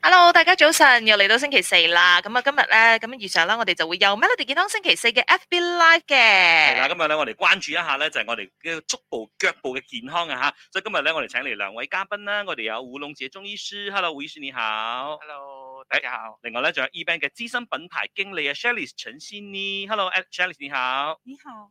hello，大家早晨，又嚟到星期四啦，咁啊今日咧，咁以上啦，我哋就會有 Melody 健康星期四嘅 FB Live 嘅。係啊，今日咧我哋關注一下咧，就係、是、我哋嘅足部、腳部嘅健康啊吓，所以今日咧我哋請嚟兩位嘉賓啦，我哋有胡龍智嘅中醫師，hello，胡醫師你好，hello，大家好。另外咧，仲有 eBank 嘅資深品牌經理啊，Shelise 陳先呢 hello，Shelise 你好，你好。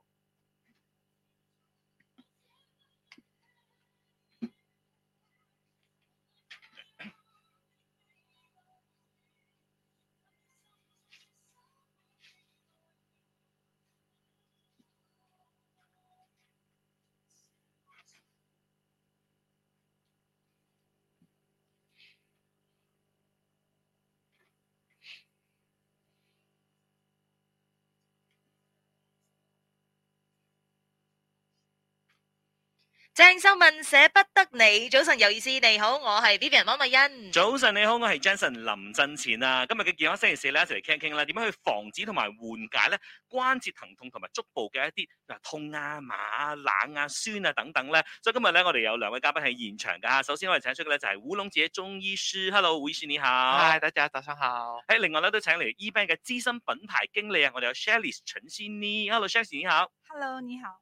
鄭秀文捨不得你，早晨有意思，你好，我係 B B 人汪美欣。早晨你好，我係 Jenson 林振前啊。今日嘅健康星期四咧，一齊嚟傾一傾啦，點樣去防止同埋緩解咧關節疼痛同埋足部嘅一啲痛啊、麻啊、冷啊、酸啊等等咧。所以今日咧，我哋有兩位嘉賓喺現場噶。首先我哋請出嘅咧就係烏龍自己中醫師，Hello，胡醫生你好。Hi，大家早上好。喺另外咧都請嚟 E 班嘅資深品牌經理啊，我哋有 Shelly 陳先妮，Hello，Shelly 你好。Hello，你好。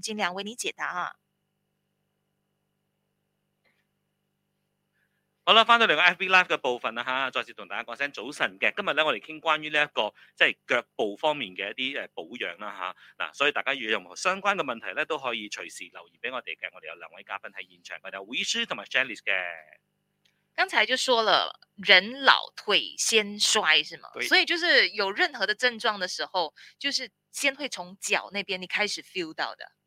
盡量為你解答啊！好啦，翻到嚟個 FB Live 嘅部分啦吓，再次同大家講聲早晨嘅。今日咧，我哋傾關於呢、這、一個即係腳部方面嘅一啲誒保養啦吓嗱，所以大家有任何相關嘅問題咧，都可以隨時留言俾我哋嘅。我哋有兩位嘉賓係現場嗰度，吳醫師同埋 Shelly 嘅。剛才就說了，人老腿先衰，是嘛？對所以就是有任何的症狀嘅時候，就是先會從腳那邊你開始 feel 到的。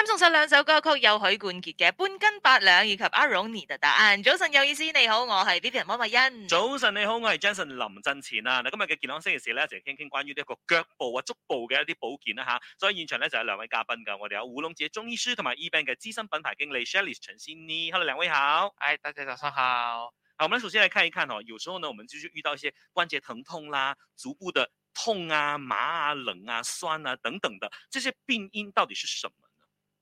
咁送上兩首歌曲，有許冠傑嘅《半斤八兩》，以及阿 Ronnie 案達達。早晨有意思，你好，我係 Vivian 莫默欣。早晨你好，我係 Jason 林振前啦、啊。嗱，今日嘅健康星期四咧，就齊傾傾關於呢一個腳部啊、足部嘅一啲保健啦、啊、吓。所以現場咧就有、是、兩位嘉賓噶，我哋有胡龍志中醫師，同埋 Evan 嘅資深品牌經理 Shelly 陳先妮。Hello，兩位好。哎，大家早上好。好，我們首先嚟看一看哦，有時候呢，我們就,就遇到一些關節疼痛啦、啊、足部的痛啊、麻啊、冷啊、酸啊等等的，這些病因到底是什麼？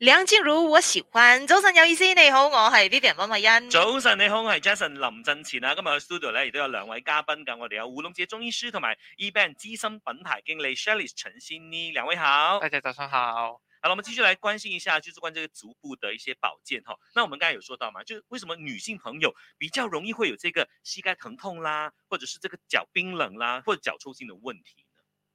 梁靜茹，我喜歡。早晨有意思，你好，我是 v i v i a n 溫慧欣。早晨你好，我是 Jason 林振前啊。今日去 studio 呢，亦都有兩位嘉賓跟我哋有烏龍節中醫師同埋 e b a n 資深品牌經理 s h e l l y 陳欣妮，兩位好。大家早上好。好了，我們繼續來關心一下，就是關於足部的一些保健哈。那我們剛才有說到嘛，就為什麼女性朋友比較容易會有這個膝蓋疼痛啦，或者是這個腳冰冷啦，或者腳抽筋的問題。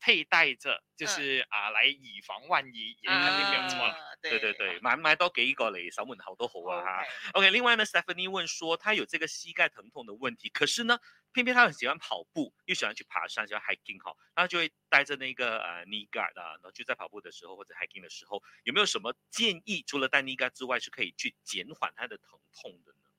佩戴着，就是啊，來以防萬一，而家呢啲咁啊，對對對，買、啊、買多幾個嚟守門口都好啊嚇。Okay. OK，另外呢，Stephanie 問說他有這個膝蓋疼痛的問題，可是呢，偏偏他很喜歡跑步，又喜歡去爬山，喜歡 hiking，嗬，他就會帶着那個呃 knee guard 啦，然後就在跑步的時候或者 hiking 的時候，有沒有什麼建議？除了帶 knee guard、nee、之外，是可以去減緩他的疼痛的呢？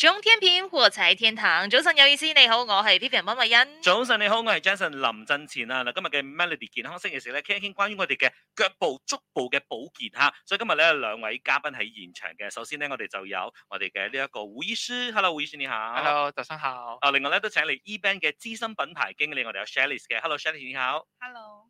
中天片或踩天堂，早晨有意思，你好，我係 Peter 温慧欣。早晨你好，我係 Jason 林振前啊！嗱，今日嘅 Melody 健康星期四咧，傾一傾關於我哋嘅腳部、足部嘅保健吓。所以今日咧，兩位嘉賓喺現場嘅。首先咧，我哋就有我哋嘅呢一個胡醫師，Hello，胡醫師你好。Hello，早晨好。啊，另外咧都請嚟 Eban 嘅資深品牌經理，我哋有 Shelly 嘅，Hello，Shelly 你好。Hello。